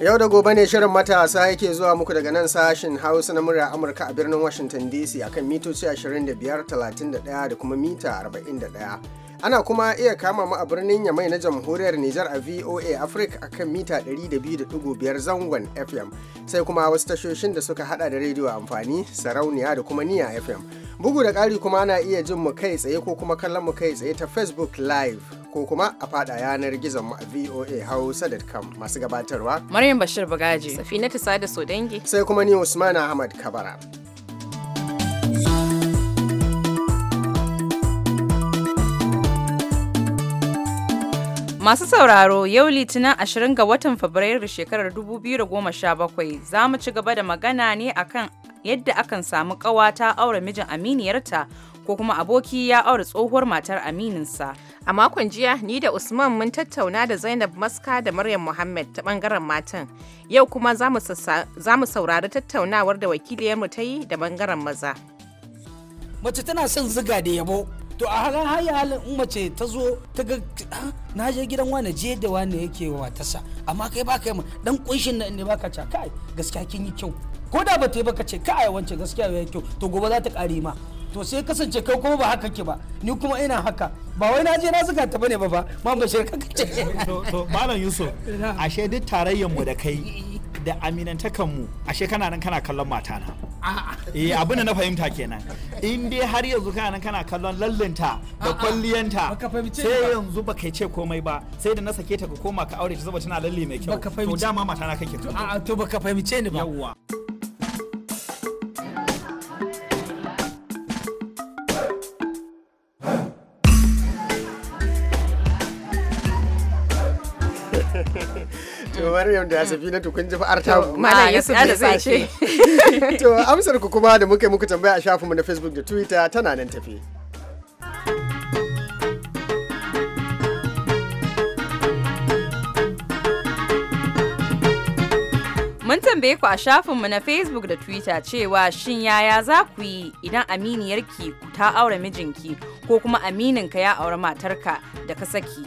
Yau da gobe ne shirin matasa yake zuwa muku daga nan sashin Hausa na murya Amurka a birnin Washington DC akan mitoci 25, 31 da kuma mita 41. Ana kuma iya kama mu a birnin Yamai na Jamhuriyar Nijar a VOA Africa akan mita 102.5 zangon FM sai kuma wasu tashoshin da suka hada da rediyo amfani sarauniya da kuma niya FM. Bugu da kari kuma ana iya jin mu kai tsaye ko kuma kallon mu kai tsaye ta Facebook Live ko kuma a fada yanar gizon mu a voa hausa.com masu gabatarwa maryam bashir bagaji safinatu sada sodangi sai kuma ni usman ahmad kabara Masu sauraro yau litinin ashirin ga watan Fabrairu shekarar 2017 za mu ci gaba da magana ne akan yadda akan samu ƙawata aure mijin aminiyarta ko kuma aboki ya aure tsohuwar matar amininsa. A makon jiya ni da Usman mun tattauna da Zainab Maska da Maryam Muhammad ta bangaren matan. Yau kuma za mu saurari tattaunawar da wakiliyarmu ta yi da bangaren maza. Mace tana son ziga da yabo to a halin haya halin in mace ta zo ta ga ah, na je gidan wani je da wani yake wa tasa amma kai ba kai dan kunshin na inda baka ca kai gaskiya kin yi kyau ko da ba ta yi baka ce kai wancan gaskiya yayi kyau to gobe za ta kare ma to sai kasance kai kuma ba haka ke ba ni kuma ina haka ba wai na je na zuga ta bane ba ba ma bashir kace to malam yusuf ashe duk tarayyar mu da kai da aminantakan mu ashe kana nan kana kallon matana eh abin da na fahimta kenan in dai har yanzu kana nan kana kallon lallinta da kwalliyanta sai yanzu baka ce komai ba sai da na sake ta ka koma ka aure ta saboda tana lalle mai kyau to dama matana kake to a to baka fahimce ni ba yawwa To Maryam da Safina na tukun jifa fa'ar ta Malam Yusuf da zai ce. To amsar ku kuma da muka muku tambaya a shafinmu na Facebook da Twitter tana nan tafi. Mun tambaye ku a shafinmu na Facebook da Twitter cewa shin yaya za ku yi idan aminiyarki ta aure mijinki ko kuma amininka ya aure matarka da ka saki.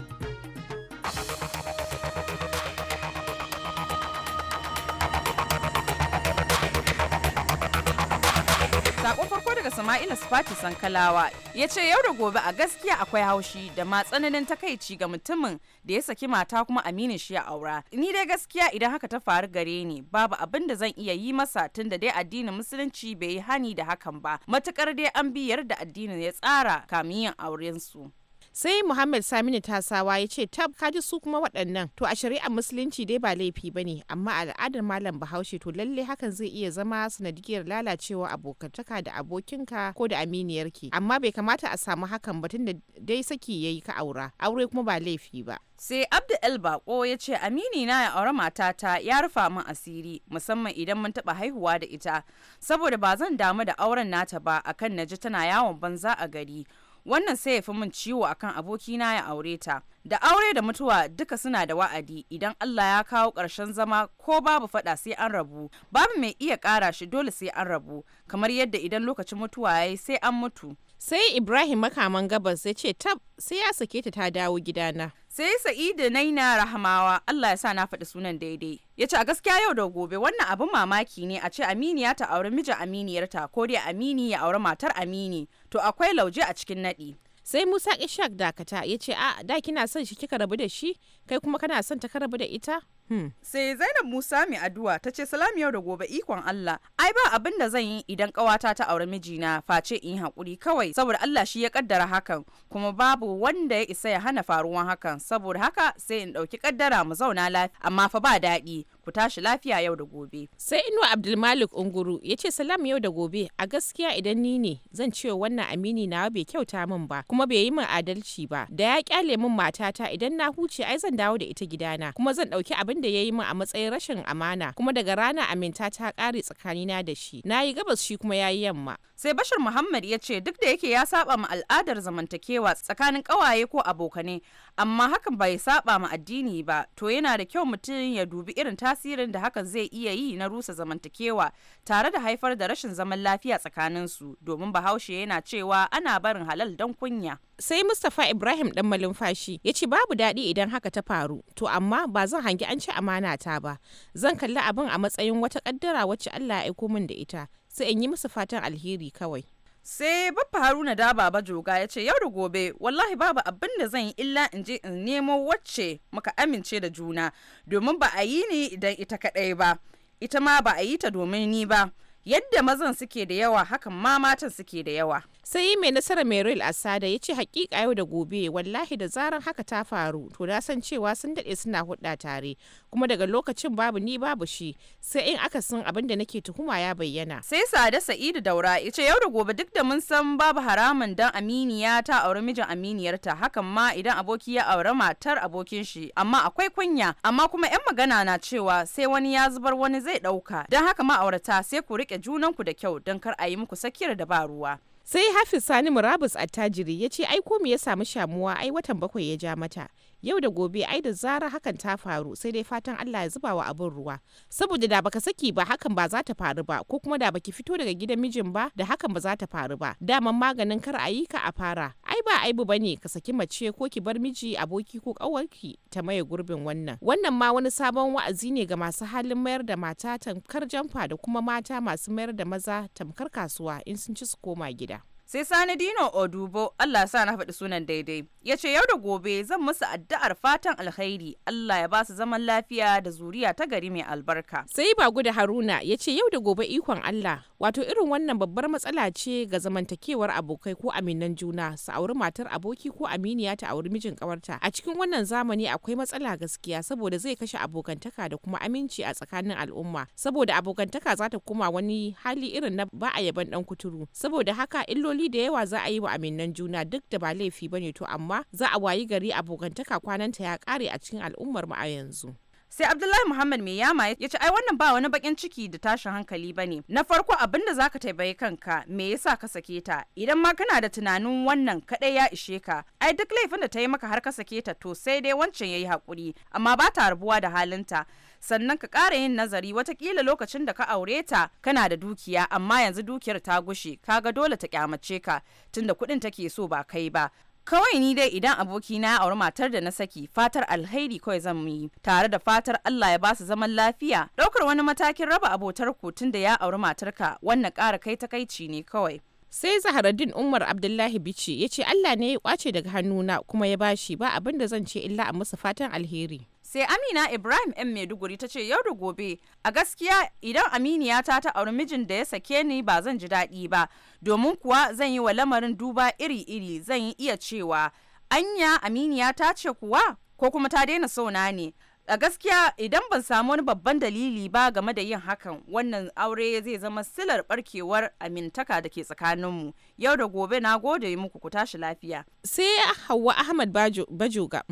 da Sama'ila Sufati Sankalawa ya ce yau da gobe a gaskiya akwai haushi da ma tsananin takaici ga mutumin da ya saki mata kuma aminin shi ya aura. Ni dai gaskiya idan haka ta faru gare ni babu abin da zan iya yi masa tun da dai addinin musulunci bai yi hani da hakan ba matukar dai an bi yarda addinin ya tsara kamin yin aurensu. sai muhammad saminu tasawa ya ce tab kaji su kuma waɗannan to a shari'ar musulunci dai ba laifi ba ne amma al'adar malam bahaushe to lalle hakan zai iya zama sanadiyar lalacewa abokantaka da abokinka ko da aminiyarki amma bai kamata a samu hakan ba tunda dai saki yayi ka aura aure kuma ba laifi ba sai abdu el bako ya ce amini na ya aure matata ya rufa min asiri musamman idan mun taɓa haihuwa da ita saboda ba zan damu da auren nata ba akan naji tana yawon banza a gari wannan sai ya fi min ciwo akan abokina ya aure ta da aure da mutuwa duka suna da wa'adi idan Allah ya kawo ƙarshen zama ko babu faɗa sai an rabu babu mai iya ƙara shi dole sai an rabu kamar yadda idan lokacin mutuwa ya yi sai an mutu sai ibrahim makaman gabas ya ce tab sai ya sake ta ta dawo gidana sai sa'idu naina rahamawa allah ya sa na faɗi sunan daidai ya ce a gaskiya yau da gobe wannan abin mamaki ne a ce aminiya ta auri mijin aminiyarta ko dai amini ya auri matar amini to akwai lauje a cikin naɗi sai musa ishak dakata ya ce a da kina son shi kika rabu da shi kai kuma kana son ta ka rabu da ita Hmm. Sai Zainab Musa mai addu'a ta ce salam yau da gobe ikon Allah. Ai ba abin da zan yi idan kawata ta aure mijina face in haƙuri kawai saboda Allah shi ya kaddara hakan kuma babu wanda ya isa ya hana faruwan hakan saboda haka sai in ɗauki kaddara mu zauna lafiya amma fa ba daɗi ku tashi lafiya yau da gobe. Sai Inuwa Abdulmalik Unguru ya ce salam yau da gobe a gaskiya idan ni ne zan ce wannan amini na bai kyauta min ba kuma bai yi min adalci ba da ya kyale min matata idan na huce ai zan dawo da ita gidana kuma zan dauki abin da ya yi min a matsayin rashin amana kuma daga rana aminta ta kare tsakanina da shi na yi gabas shi kuma ya yi yamma. Sai Bashir Muhammad ya ce duk da yake ya saba ma al'adar zamantakewa tsakanin kawaye ko abokane amma hakan bai saba ma addini ba to yana da kyau mutum ya dubi irin ta tasirin da hakan zai iya yi na rusa zamantakewa tare da haifar da rashin zaman lafiya tsakaninsu domin bahaushe yana cewa ana barin halal don kunya. sai mustapha ibrahim dan malumfashi ya ce babu daɗi idan haka ta faru to amma ba zan hangi an ci amana ta ba zan kalli abin a matsayin wata kaddara wacce allah ya aiko min da ita sai in yi musu fatan alheri kawai sai bafa haruna da baba joga ya ce yau da gobe wallahi babu abin da zan yi illa in je in nemo wacce muka amince da juna domin ba a yi ni idan ita kaɗai ba ita ma ba a yi ta domin ni ba yadda mazan suke da yawa hakan ma matan suke da yawa. sai mai nasara meril asada ya ce hakika yau da gobe wallahi da zaran haka ta faru to da san cewa sun daɗe suna hudda tare kuma daga lokacin babu ni babu shi sai in aka san abin da nake tuhuma ya bayyana sai sada sa'idu daura ice yau da gobe duk da mun san babu haramun dan aminiya ta auri mijin aminiyarta hakan ma idan aboki ya auri matar abokin shi amma akwai kunya amma kuma yan magana na cewa sai wani ya zubar wani zai dauka don haka ma'aurata sai ku rike junan ku da kyau dan kar a yi muku sakiyar da ba ruwa sai hafiz sani murabus attajiri ya ce aiko ko me ya samu shamuwa ai watan bakwai ya ja mata yau da gobe ai da zara hakan ta faru sai dai fatan Allah ya zuba wa abin ruwa saboda da baka saki ba hakan ba za ta faru ba ko kuma da baki fito daga gidan mijin ba da hakan ba za ta faru ba daman maganin kar a yi ka a fara ai ba aibu bane ka saki mace ko ki bar miji aboki ko kawarki ta maye gurbin wannan wannan ma wani sabon wa'azi ne ga masu halin mayar da mata tamkar jamfa da kuma mata masu mayar da maza tamkar kasuwa in sun ci su koma gida sai sani dino odubo allah sa na faɗi sunan daidai ya ce yau da gobe zan musu addu'ar fatan alkhairi allah ya ba su zaman lafiya da zuriya ta gari mai albarka sai ba guda haruna ya ce yau da gobe ikon allah wato irin wannan babbar matsala ce ga zamantakewar abokai ko aminan juna su auri matar aboki ko aminiya ta auri mijin kawarta a cikin wannan zamani akwai matsala gaskiya saboda zai kashe abokantaka da kuma aminci a tsakanin al'umma saboda abokantaka za ta koma wani hali irin na ba a yaban dan kuturu saboda haka illo matsaloli da yawa za a yi wa aminnan juna duk da ba laifi bane to amma za a wayi gari abokantaka kwananta ya kare a cikin al'ummar mu a yanzu sai abdullahi muhammad mai yama ya ce ai wannan ba wani bakin ciki da tashin hankali ba ne na farko abin da zaka taibayi kanka me yasa ka sake ta idan ma kana da tunanin wannan kadai ya ishe ka ai duk laifin da ta yi maka har ka sake ta to sai dai wancan yayi hakuri amma ba ta rabuwa da halinta sannan ka ƙara yin nazari watakila lokacin da ka aure ta kana da dukiya amma yanzu dukiyar ta gushe kaga dole ta kyamace ka tunda kuɗin take so ba kai ba kawai ni dai idan abokina ya auri matar da na saki fatar alheri kawai zan yi tare da fatar Allah ya basu zaman lafiya ɗaukar wani matakin raba abotar ku tunda ya auri matarka wannan ƙara kai takaici ne kawai sai zaharaddin umar abdullahi bici ya ce allah ne ya kwace daga hannuna kuma ya bashi ba abin da zan ce illa a musu fatan alheri sai amina ibrahim yan maiduguri ta ce yau da gobe a gaskiya idan aminiyata ta auri mijin da ya sake ni ba zan ji daɗi ba domin kuwa zan yi wa lamarin duba iri-iri zan yi iya cewa anya aminiya ta ce kuwa ko kuma ta daina sauna ne a gaskiya idan ban samu wani babban dalili ba game da yin hakan wannan aure zai zama silar barkewar amintaka da ke tsakaninmu yau da gobe na gode muku ku tashi lafiya sai hawa ahmad bajoga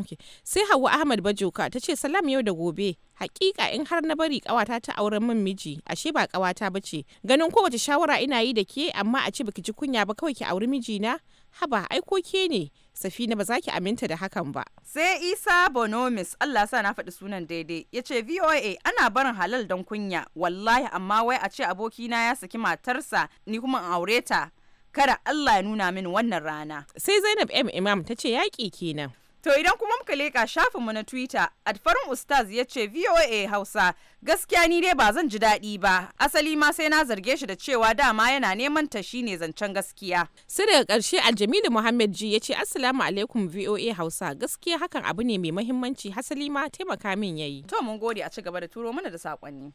sai hawa ahmad bajoka ta ce salam yau da gobe hakika in har na bari kawata ta auren min miji ashe ba kawata ce ganin kowace shawara ina yi da ke amma a ce baki ji kunya ba kawai ki auri miji na haba aiko ke ne Safina ba za ki aminta da hakan ba. Sai Isa Bonomis Allah sa na faɗi sunan daidai ya ce VOA ana barin halal don kunya wallahi amma wai a ce abokina ya saki matarsa ni kuma in aure ta. Kada Allah ya nuna min wannan rana. Sai Zainab M Imam ta ce yaƙi kenan. To idan kuma muka leƙa shafinmu na Twitter, Adfarin Ustaz ya ce VOA Hausa gaskiya ni dai ba zan ji daɗi ba, asali ma sai na zarge shi da cewa dama yana neman ta shi ne zancen gaskiya. Sai daga ƙarshe Aljamilu Muhammad ji ya ce Assalamu alaikum VOA Hausa gaskiya hakan abu ne mai mahimmanci hasali ma taimaka min yayi. To mun gode a ci gaba da turo mana da saƙonni.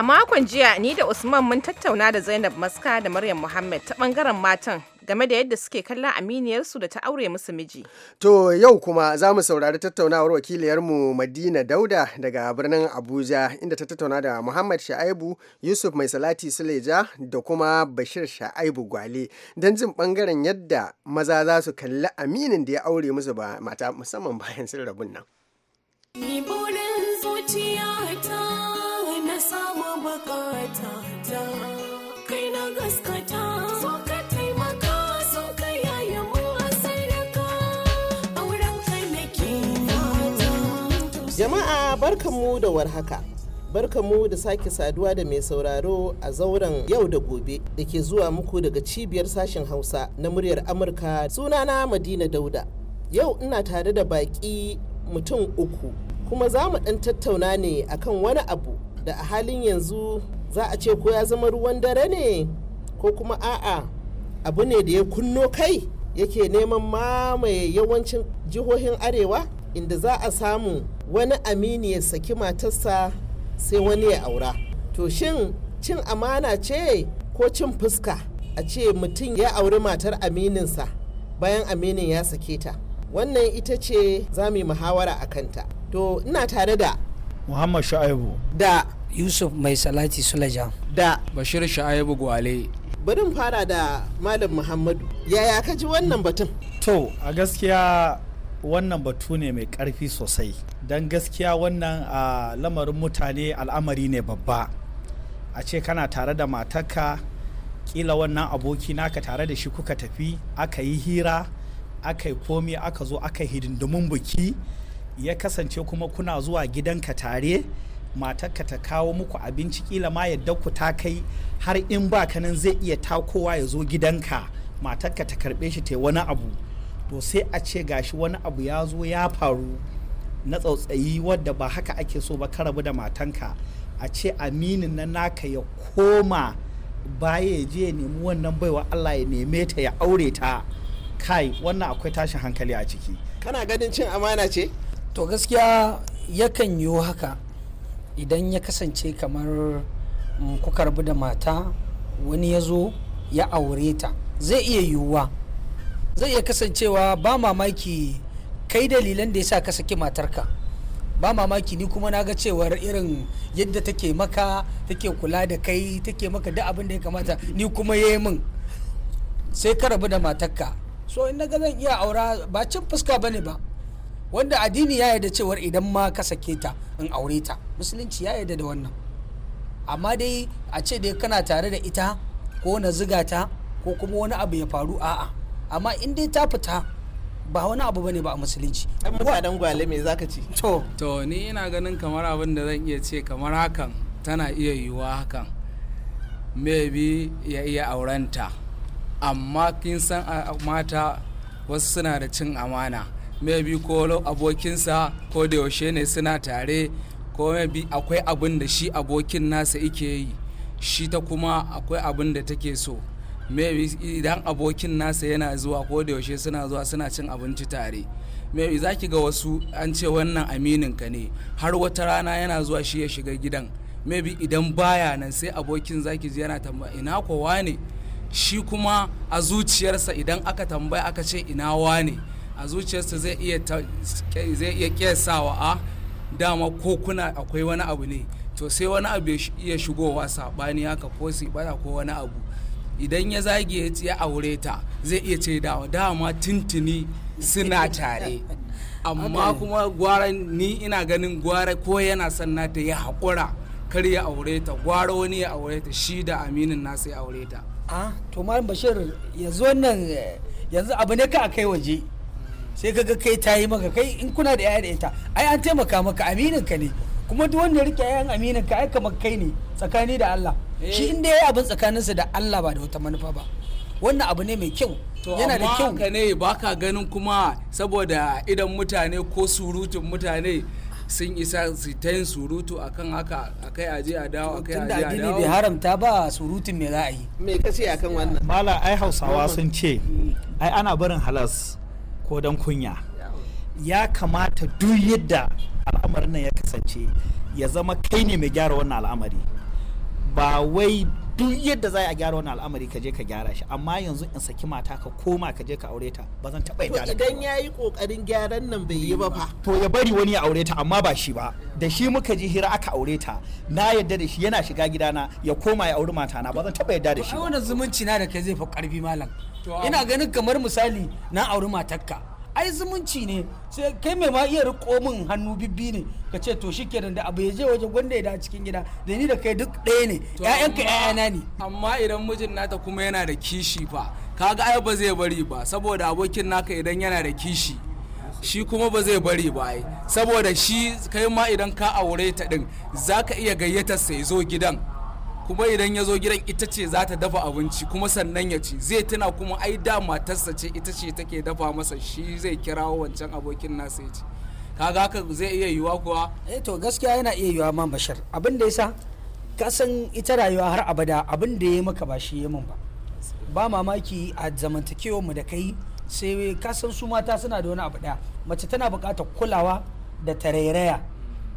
A makon jiya ni da Usman mun tattauna da Zainab Maska da Maryam Muhammad ta bangaren matan game da yadda suke kallon aminiyarsu da ta aure musu miji. To yau kuma za mu saurari tattaunawar wakiliyarmu Madina Dauda daga birnin Abuja inda ta tattauna da Muhammad Sha'aibu, Yusuf Mai Salati Suleja da kuma Bashir Sha'aibu Gwale don jin bangaren yadda maza za su kalli aminin da ya aure musu ba mata musamman bayan sun rabun nan. bukata ta kai na mu jama'a barkanmu da warhaka mu da sake saduwa da mai sauraro a zauren yau da gobe da ke zuwa muku daga cibiyar sashen hausa na muryar amurka sunana madina dauda yau ina tare da baki mutum uku kuma za mu ɗan tattauna ne akan wani abu da a halin yanzu za a ce ko ya zama ruwan dare ne ko kuma a'a abu ne da ya kunno kai yake neman mamaye yawancin jihohin arewa inda za a samu wani amini ya saki matarsa sai wani ya aura to shin cin amana ce ko cin fuska a ce mutum ya auri matar amininsa bayan aminin ya sake ta wannan ita ce za mu yi muhawara a kanta to ina tare da muhammad shu'aibu da yusuf mai salati sulaja da bashir shu'aibu gwale bari fara da malam muhammadu yaya ka ji wannan batun to a gaskiya wannan batu ne mai ƙarfi sosai don gaskiya wannan a lamarin mutane al'amari ne babba a ce kana tare da matarka kila wannan aboki naka tare da shi kuka tafi aka yi hira aka yi komi aka zo aka hidindimin biki ya kasance kuma kuna zuwa gidanka tare matarka ta kawo muku abinci kila ma yadda ku ta kai har in ba ka nan zai iya takowa ya zo gidanka matarka ta karbe shi ta wani abu to sai a ce gashi wani abu ya zo ya faru na tsautsayi wadda ba haka ake so ba ka rabu da matanka a ce aminin na naka ya koma baya ya je ya nemi wannan baiwa Allah ya neme ta ya aure ta kai wannan akwai tashin hankali a ciki kana ganin cin amana ce to gaskiya yakan yiwu haka idan ya kasance kamar mm, kuka rabu da mata wani ya zo ya aure ta zai iya yiwuwa zai iya kasancewa ba mamaki kai dalilan da ya sa ka saki matarka ba mamaki ni kuma na ga cewar irin yadda take maka take kula da kai take maka duk abin da ya kamata ni kuma ya min sai ka rabu da matarka so in na ga zan iya aura ba cin fuska bane ba wanda addini ya yarda cewar idan ma ka sake ta in aure ta musulunci ya yarda da wannan amma dai a ce dai kana tare da ita ko na ziga ta ko kuma wani abu ya faru a'a amma in dai ta fita ba wani abu bane ba a musulunci ai mutanen gwale me zaka ci to to ni ina ganin kamar abin da zan iya ce kamar hakan tana iya yiwuwa hakan maybe ya iya aurenta amma kin san mata wasu suna da cin amana maybe ko abokinsa ko da yaushe ne suna tare ko maybe akwai abin da shi abokin nasa ike yi shi ta kuma akwai abin da take so maybe idan abokin nasa yana zuwa ko da yaushe suna zuwa suna cin abinci tare maybe za ki ga wasu an ce wannan aminin ka ne har wata rana yana zuwa shi ya shiga gidan maybe idan baya nan sai abokin zaki ji yana tambaya ina kowa ne shi kuma a zuciyarsa idan aka tambaya aka ce ina wane ne a zuciyarsa zai iya kyasawa a ah, dama ko kuna akwai wani abu ne to sai wani abu ya shigowa saɓani haka ko bada ko wani abu idan ya zage ya aure ta zai iya ce dawa dama tintini suna tare amma kuma gwara ni ina ganin gwara ko yana son nata ya haƙura kar ya aure ta gwara wani ya aure ta shi da aminin nasa ya aure ta ah to malam bashir yanzu wannan eh, yanzu abu ne ka a kai waje sai kaga kai ta yi maka kai in kuna da yaya da ita ai an taimaka maka aminin ka ne kuma duk wanda rike yayan aminin ka ai kamar kai ne tsakani da Allah eh. shi inda dai abin tsakaninsa da Allah ba da wata manufa ba wannan abu ne mai kyau yana da kyau ka ne baka ganin kuma saboda idan mutane ko surutun mutane sun isa su ta yin surutu akan haka a aje a dawo a kai a dawo bai haramta ba surutun me za a yi me a kan wannan mala ai hausawa sun ce ai ana barin halas ko don kunya ya kamata duk yadda al'amarin nan ya kasance ya zama kai ne mai gyara wannan al'amari ba wai duk yadda za a gyara wannan al'amari ka je ka gyara shi amma yanzu in saki mata ka koma ka je ka aure ta ba zan taɓa yadda to idan ya yi ƙoƙarin gyaran nan bai yi ba fa to ya bari wani ya aure ta amma ba shi ba da shi muka ji hira aka aure ta na yadda da shi yana shiga gidana ya koma ya auri na, ba zan taɓa yadda da shi ba. wannan zumunci na da kai zai fi ƙarfi malam ina ganin kamar misali na auri matakka ai zumunci ne sai kai mai ma iya riko min hannu bibbi ne ka ce to shi kenan da abu ya je waje gwanda ya da cikin gida da ni da kai duk ɗaya ne ƴaƴanka ƴaƴana ne amma idan mijin nata kuma yana da kishi fa kaga ai ba zai bari ba saboda abokin naka idan yana da kishi shi kuma ba zai bari ba ai saboda shi kai ma idan ka aure ta din zaka iya gayyatar sa zo gidan kuma idan ya zo gidan ita ce za ta dafa abinci kuma sannan ya ci zai tuna kuma ai da matarsa ce ita ce take dafa masa shi zai kirawo wancan abokin nasa ya ci kaga haka zai iya yiwa kuwa eh to gaskiya yana iya yiwa ma bashar abin da yasa ka san ita rayuwa har abada abin da ya maka ba shi ya min ba ba mamaki a zamantakewar mu da kai sai ka san su mata suna da wani abu daya mace tana bukatar kulawa da tarairaya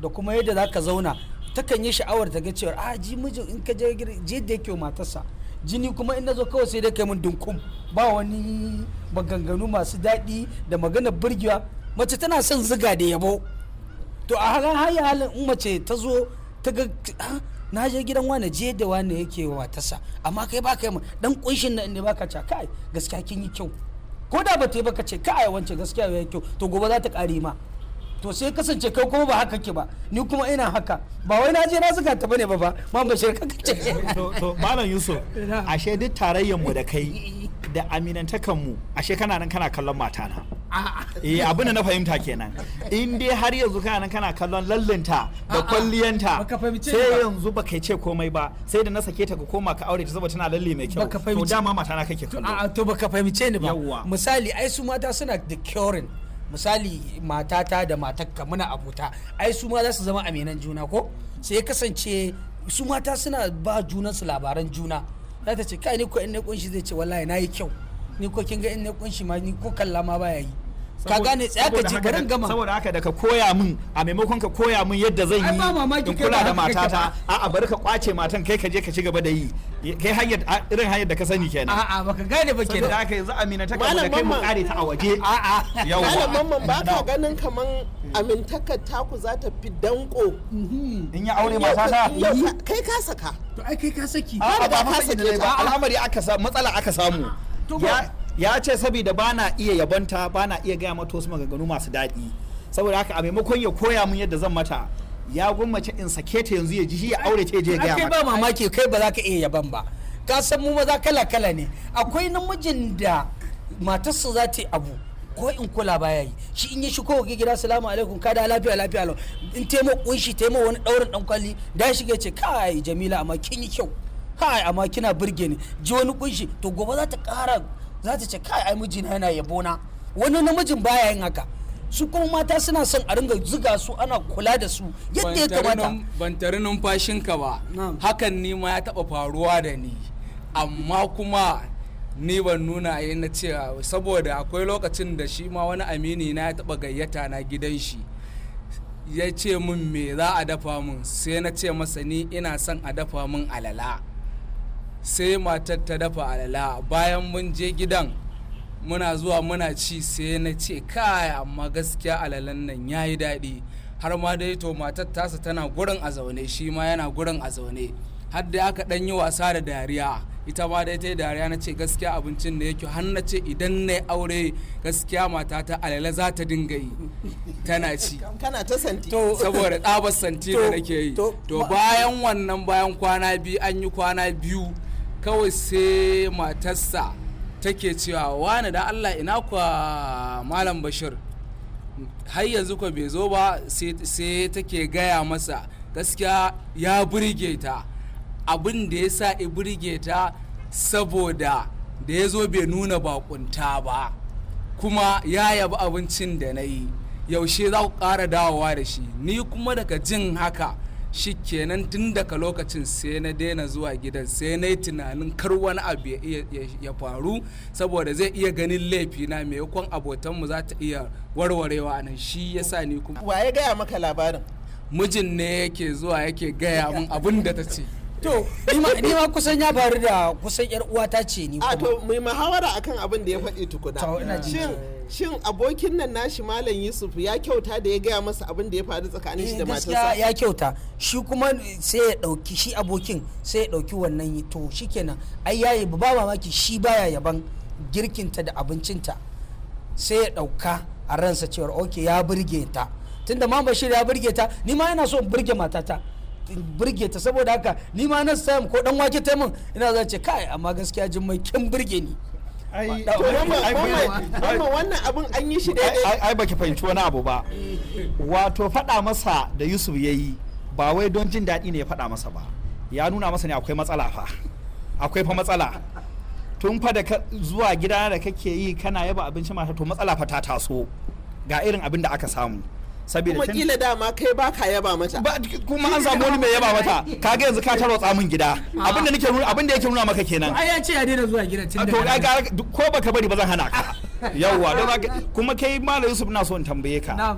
da kuma yadda za ka zauna takan yi sha'awar ta ga a ah, ji mijin in ka je je da yake matarsa jini kuma in nazo kawai sai dai kai mun dunkum ba wani maganganu masu daɗi da magana burgiya mace tana son ziga da yabo to a halin hayi halin in mace ta zo ta ga ah, na je gidan wane je da wane yake wa matarsa amma kai ba kai dan kunshin nan ne baka ca kai gaskiya kin yi kyau ko da ba ta yi baka ce kai wance gaskiya yayi kyau to gobe za ta kare ma to sai kasance kai kuma ba haka ke ba ni kuma ina haka ba wai na je na zuga ta bane ba ba ma ba shi kaka ce to malam yusuf ashe duk tarayyar mu da kai da aminantakan mu ashe kana nan kana kallon matana eh abin da na fahimta kenan in dai har yanzu kana nan kana kallon lallinta da kwalliyanta sai yanzu ba kai ce komai ba sai da na sake ta ka koma ka aure ta saboda tana lalle mai kyau to dama matana kake kallo to to baka fahimce ni ba misali ai su mata suna da curing misali matata da matakka muna abota ai su ma za su zama aminan juna ko sai kasance su mata suna ba junansu labaran juna za ta ce kai ni ko in na kunshi zai ce wallahi na yi kyau ni ko kin ga in ne kunshi ma ni ko kalla ma baya yi ka gane tsaya ka ji barin gama saboda haka da ka koya min a maimakon ka koya min yadda zan yi in kula da matata a a bari ka kwace matan kai ka je ka ci gaba da yi kai hanyar irin hanyar da ka sani kenan a a baka gane ba kenan saboda haka yanzu amina ta da kai mu kare ta a waje a a yawa malam mamman ba ka ganin kaman amintakar taku za ta fi danko mm-hmm. in ya aure matata kai ka saka to ai kai ka saki ba ba ka saki alhamari aka matsala aka samu ya ce saboda ba na iya yabanta ba na iya gaya mata wasu maganganu masu daɗi saboda haka a maimakon ya koya mun yadda zan mata ya gwammace in sake ta yanzu ya ji shi ya aure ta je gaya mata kai ba mamaki kai ba za ka iya yaban ba ka san mu maza kala kala ne akwai namijin da matarsa za ta abu ko in kula baya yi shi in yi shi ko gida salamu alaikum ka da lafiya lafiya lau in taimo kunshi taimo wani daurin dan kwalli da shi ce kai jamila amma kin yi kyau kai amma kina burge ni ji wani kunshi to gobe za ta kara za ta ce kai ai mijina yana yabona wani namijin baya yin haka su kuma mata suna son a ringa ziga su ana kula da su yadda ya kamata ban numfashin numfashinka ba hakan ne ma ya taba faruwa da ni amma kuma ni ban nuna a na ce saboda akwai lokacin da shi ma wani amini na ya taba gayyata na gidan shi ya ce min me za a dafa min sai na ce masa ni ina son a dafa min alala sai matar ta dafa alala bayan mun je gidan muna zuwa muna ci sai na ce kai amma gaskiya alalan nan ya yi daɗi har ma dai to matar tasa tana gurin a zaune shi ma yana gurin a zaune har da aka ɗan yi wasa da dariya ita ma dai ta yi dariya na ce gaskiya abincin da yake har na ce idan na aure gaskiya mata ta alala za ta dinga yi tana ci kana ta santi to saboda tsabar santi da nake yi to bayan wannan bayan kwana biyu an yi kwana biyu kawai sai matarsa take cewa wani da allah ina kwa malam bashir har yanzu ka bai zo ba sai take gaya masa gaskiya ya burge ta abin da ya sa i burge ta saboda da ya zo bai nuna bakunta ba kuma ya yabi abincin da na yi yaushe za ku kara dawowa da shi ni kuma daga jin haka shi kenan tun daga lokacin sai na daina zuwa gidan sai na yi tunanin kar wani abu ya faru saboda zai iya ganin laifi na maimakon abotanmu za ta iya warwarewa nan shi ya sa ni kuma ya gaya maka labarin mijin ne yake zuwa yake gaya min abun da ta ce to ni ma kusan ya faru da kusan yar uwata ce ni a to mai muhawara akan abin da ya faɗi tukuna shin shin abokin nan nashi malam yusuf ya kyauta da ya gaya masa abin da ya faru tsakanin shi da eh, matarsa ya kyauta shi kuma sai ya dauki shi abokin sai ya ɗauki wannan to shikenan ai yayi ba mamaki shi baya yaban girkinta da abincinta sai ya ɗauka a ransa cewar ok ya burge ta tunda ma bashir ya burge ta ni ma yana so in burge matata burge ta saboda haka ni ma nan sam ko dan wake ta min ina zan ce kai amma gaskiya jin mai kin burge ni wannan abin an yi shi daidai ai baki fahimci wani abu ba wato faɗa masa da yusuf ya yi ba wai don jin daɗi ne ya faɗa masa ba ya nuna masa ne akwai matsala fa akwai fa matsala tun fa da zuwa gida da kake yi kana yaba abinci mata to matsala fa ta taso ga irin abin da aka samu saboda kuma kila dama kai ba ka yaba mata ba kuma an samu wani mai yaba mata kaga yanzu ka taro tsamin gida abinda nake nuna abinda yake nuna maka kenan ai ya ce ya daina zuwa gidan tunda to ko baka bari ba zan hana ka yawwa don kuma kai malam Yusuf na so in tambaye ka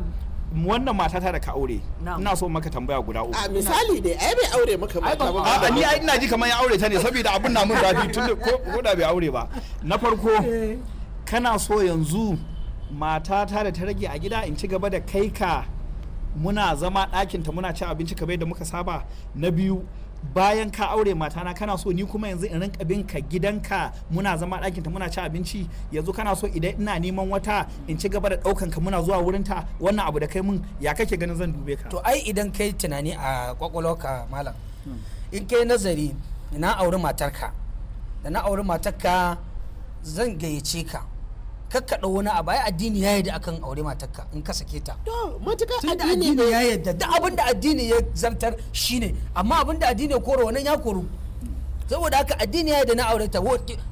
wannan mata ta da ka aure ina so maka tambaya guda uku a misali dai ai bai aure maka mata ba a ni ai ina ji kamar ya aure ta ne saboda abun na mun zafi da ko da bai aure ba na farko eh. kana so yanzu matata da ta rage a gida in ci gaba da kai ka muna zama ɗakinta muna cin abinci kamar da muka saba na biyu bayan ka aure matana kana so ni kuma yanzu in rinka bin ka gidanka muna zama ɗakin muna ci abinci yanzu kana so idan ina neman wata in ci gaba da ɗaukan ka muna zuwa wurin ta wannan abu da kai mun ya kake ganin zan dube ka to ai idan kai tunani a kwakwalwarka malam in kai nazari na auri matarka da na auri matarka zan gayyace ka kakkaɗa wani a ai addini ya yadda akan aure matarka in ka sake ta matuƙa addini ya yadda duk abin da addini ya zartar shine amma abin da addini ya koro wannan ya koru saboda haka addini ya yadda na aure ta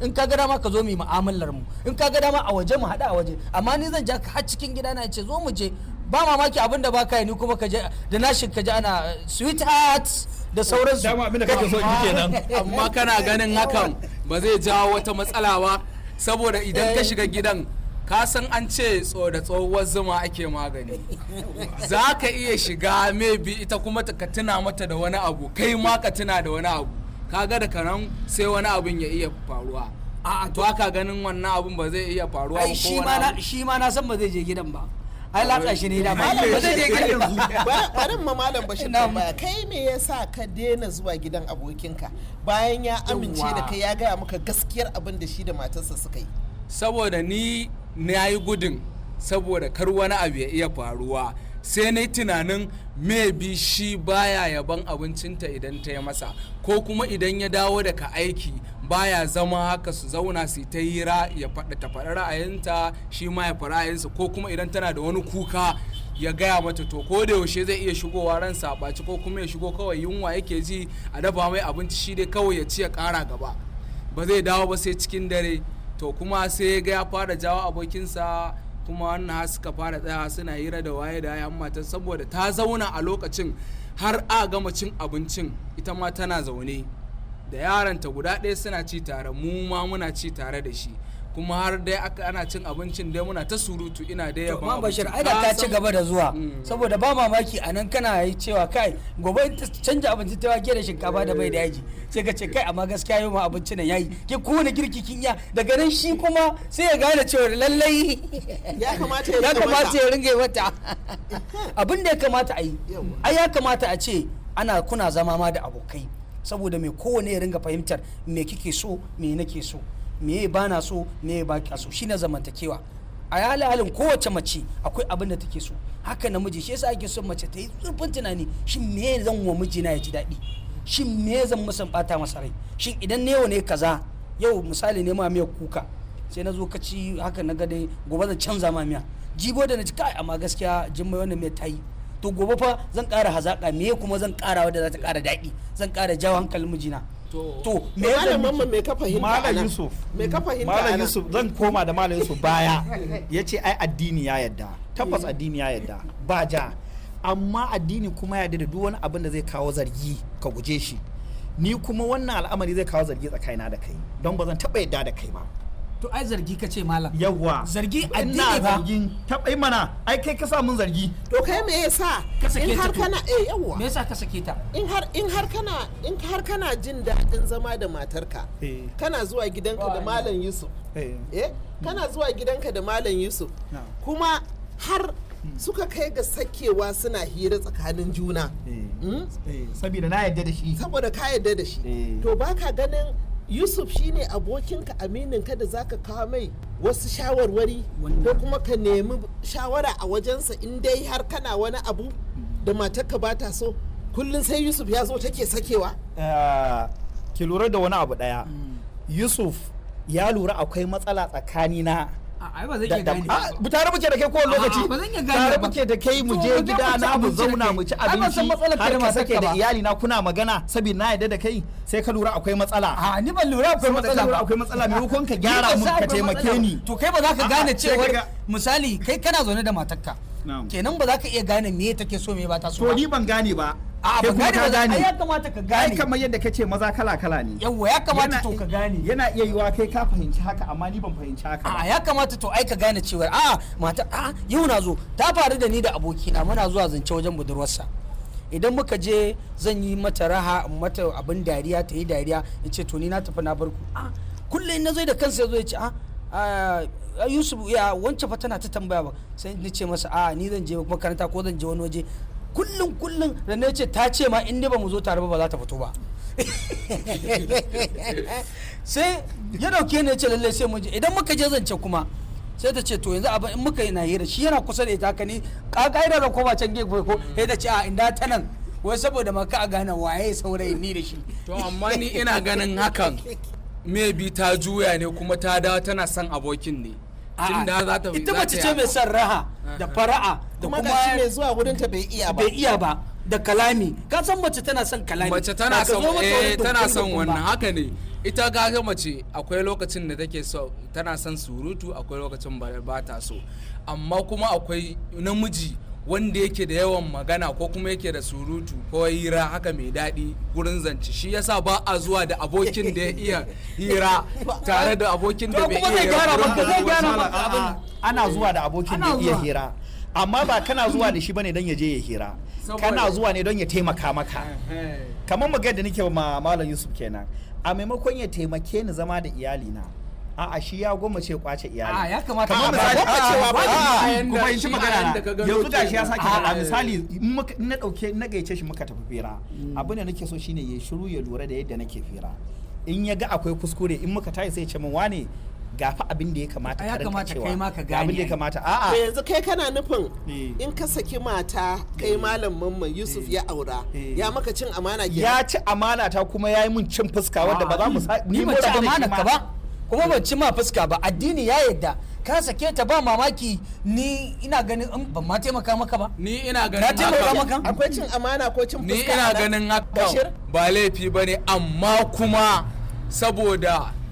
in ka ga dama ka zo mu mu'amalar mu in ka ga dama a waje mu haɗa a waje amma ni zan ja har cikin gida na ce zo mu je ba mamaki abin da baka yi ni kuma ka je da nashin ka je ana sweetheart da sauransu dama abin da amma kana ganin hakan ba zai jawo wata matsala ba saboda idan ka eh. shiga gidan ka san an ce da tsohuwar zuma ake magani za ka iya shiga maybe ita kuma ka tuna mata da wani abu kai ma ka tuna da wani abu kaga da kanan sai wani abun ya iya faruwa a to ka ganin wannan abun ba zai iya faruwa ba shi ma na san ba zai je gidan ba ai latsa shi ne da ba zai je gidan barin ma malam bashir ba kai me yasa ka daina zuwa gidan abokinka bayan ya amince da kai ya gaya maka gaskiyar abin da shi da matarsa suka yi saboda ni na yi gudun saboda kar wani abu ya iya faruwa sai na tunanin bi shi baya yaban abincinta idan ta yi masa ko kuma idan ya dawo daga aiki baya zama haka su zauna su ta hira ya faɗa ta faɗa ra'ayinta shi ma ya faɗa ra'ayinsa ko kuma idan tana da wani kuka ya gaya mata to ko da yaushe zai iya shigowa ran saɓaci ko kuma ya shigo kawai yunwa yake ji a dafa mai abinci shi dai kawai ya ci ya ƙara gaba ba zai dawo ba sai cikin dare to kuma sai ya ga fara jawo abokinsa kuma wannan suka fara tsaya suna hira da waye da yan mata saboda ta zauna a lokacin har a gama cin abincin ita ma tana zaune da yaranta guda ɗaya suna ci tare mu ma muna ci tare da shi kuma har dai aka ana cin abincin dai muna ta surutu ina dai ya ba bashir ai da ta ci gaba da zuwa mm. saboda ba mamaki a nan kana yi cewa kai gobe ta canja abinci ta wake da shinkafa da mai da yaji sai ka ce kai amma gaskiya yau ma abincin nan yayi ki kowane girki kin ya daga nan shi kuma sai ya gane cewa lallai ya kamata ya kamata ya ringa mata abin da ya kamata a yi ai ya kamata a ce ana kuna zama ma da abokai saboda mai kowane ya ringa fahimtar me kike so me nake so me ba na so me ba ka so shine zamantakewa a yala halin kowace mace akwai abin da take so haka miji shi yasa ake son mace ta yi zurfin tunani shin me zan wa miji na ya ji daɗi shin me zan musan bata masa rai shin idan ne yau ne kaza yau misali ne ma miyar kuka sai na zo ka ci haka na ga dai gobe zan canza ma miya jibo da na ci kai amma gaskiya jimmai wani wannan mai ta yi to gobe fa zan kara hazaka me kuma zan kara wadda za ta kara daɗi zan kara jawo hankalin mijina to me ya mamma me ka fahimta malam yusuf me ka fahimta malam yusuf zan koma da malam yusuf baya yace ai addini ya yadda tabbas eh. addini ya yadda ba ja amma addini kuma ya da duk wani abin da zai kawo zargi ka guje shi ni kuma wannan al'amari zai kawo zargi tsakanina da kai don ba zan taɓa yadda da kai ba to ai zargi ka ce malam yawwa zargi addini ba zargin tabai mana ai kai ka sa mun zargi to kai me yasa ka sake ta kana eh yawwa me yasa ka sake ta in har in har kana in har kana jin daɗin zama da matarka eh. kana zuwa gidanka da malam Yusuf eh. eh kana zuwa gidanka da malam Yusuf kuma har hmm. suka kai ga sakewa suna hira tsakanin juna. Eh. Hmm? Saboda na yadda da shi. Saboda ka yadda da shi. To baka ganin yusuf shine abokinka ka da zaka kawo mai wasu shawarwari ko kuma ka nemi shawara a wajensa in dai har kana wani abu da matarka ba ta so kullum sai yusuf ya zo take sakewa eh, ki lura da wani abu daya mm. yusuf ya lura akwai matsala tsakanina ai ba zan iya gane ba tare muke da kai kowane lokaci ba zan iya gane tare muke da kai mu je gida na mu zauna mu ci abinci ai ba san matsalar kai ma sake da iyali na kuna magana saboda na yadda da kai sai ka lura akwai matsala a ni ban lura akwai matsala akwai matsala me hukun ka gyara mun ka taimake ni to kai ba za ka gane cewa misali kai kana zaune da matarka kenan ba za ka iya gane me take so me ba ta so to ni ban gane ba a ba gane ba gane ya kamata ka gane ai kamar yadda kace maza kala kala ne yawa ya kamata to ka gane yana iya yiwa kai ka fahimci haka amma ni ban fahimci haka a ya kamata to ai ka gane cewa a mata a yau na zo ta faru da ni da abokina muna zuwa zance wajen budurwarsa idan muka je zan yi mata raha mata abin dariya ta yi dariya in ce to ni na tafi na barku. ku a kullum na zo da kansa ya zo ya ce a yusuf ya wancan fa tana ta tambaya ba sai ni ce masa a ni zan je makaranta ko zan je wani waje kullum kullum da na ce ta ce ma in ba mu zo tare ba ba za ta fito ba sai ya dauke ne ce lallai sai mun je idan muka je zance kuma sai ta ce to yanzu abin in muka yi na hira shi yana kusa da ita kani ni kakaida da kuma can gefe ko sai ta ce a inda ta nan wai saboda maka a gane waye saurayi ni da shi to amma ni ina ganin hakan maybe ta juya ne kuma ta dawo tana son abokin ne ita mace ce mai son raha da fara'a da kuma mai zuwa wurin ta bai iya ba bai iya ba da kalami ka san mace tana son kalami mace tana son eh tana son wannan haka ne ita ga mace akwai lokacin da take so tana son surutu akwai lokacin ba ta so amma kuma akwai namiji wanda yake da yawan magana ko kuma yake da surutu ko hira haka mai daɗi gurin zance shi yasa ba a zuwa da abokin da ya iya hira tare da abokin da bai iya hira ana zuwa da abokin da ya iya hira amma ba kana zuwa da shi bane don ya je ya hira kana zuwa ne don ya taimaka maka eh, eh. kamar mu da nake ma malam Yusuf kenan a maimakon ya taimake ni zama da iyalina a'a shi ya goma ce kwace iyali ya kamata kamar misali a ba ba kuma in ci magana yanzu da shi ya sake a misali in na dauke na gaice shi muka tafi fira mm. abin da nake so shine ya shiru ya lura da yadda nake fira in ya ga akwai kuskure in muka tayi sai ya ce min wane gafa abin da ya kamata ya kamata kai ma ka gane abin da ya kamata a'a to yanzu kai kana nufin eh. in ka saki mata kai malam mamman Yusuf eh. ya aura eh. ya maka cin amana ya ci amana ta kuma yayi mun cin fuska wanda ba za mu ni ba ci amana ka ba kuma ban ci ma fuska ba addini ya yadda ka sake ta ba mamaki ni ina ganin in ban ma taimaka maka ba ni ina ganin na taimaka maka akwai cin amana ko cin fuska ni ina ganin haka ba laifi bane amma kuma saboda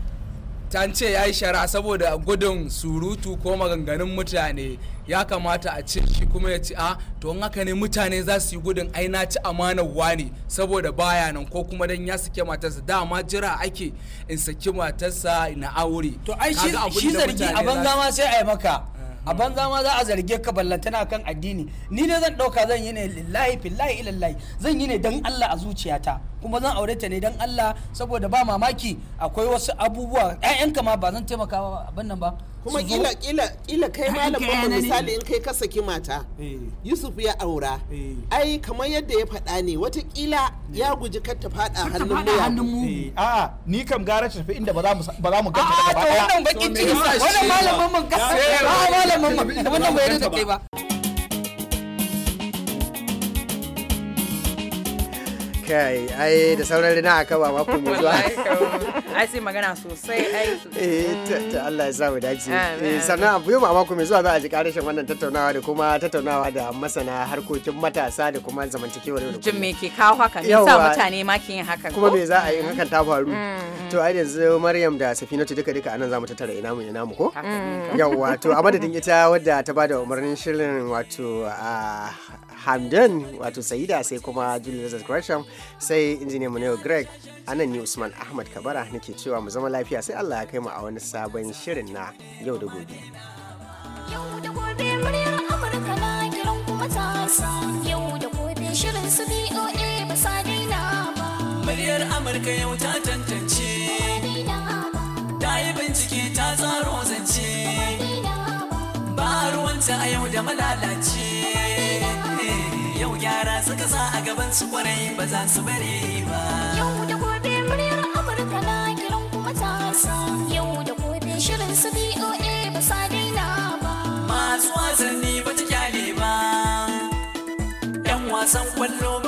ta ce ya yi shari'a saboda gudun surutu ko maganganun mutane ya kamata a ce shi kuma ya ci a to in haka ne mutane za su yi gudun aina na ci amanar ne saboda baya nan ko kuma dan ya sake matarsa dama jira ake in saki matarsa na aure to ai shi zargi a banza ma sai a yi maka a banza ma za a zarge ka ballantana kan addini ni ne zan ɗauka zan yi ne lillahi fillahi ilallahi zan yi ne dan Allah a zuciyata kuma zan aure ta ne dan Allah saboda ba mamaki akwai wasu abubuwa ƴaƴanka ma ba zan taimaka abin nan ba kuma kila kila kila kai malam ba misali in kai ka saki mata eh. Yusuf ya aura eh. ai kamar yadda ya faɗa ne watakila eh. ya guji kar ta faɗa hannun mu a ni kam gara ta tafi inda ba za mu ba za mu ga ta ba wannan baki ciki wannan malamin mun kasa ba malamin mun wannan bai da kai ba kai ai da sauran rina a kaba mako mai zuwa ai sai magana sosai ai eh ta Allah ya samu daji. dace eh, sannan abu yau mako mai zuwa za a ji karashin wannan tattaunawa da kuma tattaunawa da masana harkokin matasa da kuma zamantakewar yau jin me ke kawo haka me yasa mutane ma ke yin haka kuma me za a yi hakan ta faru mm, mm. to ai yanzu Maryam da Safinatu duka duka anan zamu tattara ina mu ina mu ko yawa to a madadin ita wadda ta bada umarnin shirin wato Hamdan wato Saida sai kuma Julius Gresham sai injiniyan mu ne greg anan ni usman ahmad kabara nake cewa mu zama lafiya sai allah ya kai mu a wani sabon shirin na yau da gobe yau da gobe muryar amurka na kiran kuma ta yau da gobe shirin su daina ba muryar amurka yau ta tantance ta yi bincike ta tsaro zance ba ruwanta a yau da malalace yau gyara suka sa a gaban su kwarai ba za su bari ba yau da gobe muryar amurka na kiran kuma matasa, yau da gobe shirin su boa ba sa daina ba masu wasanni ba ta kyale ba yan wasan kwallo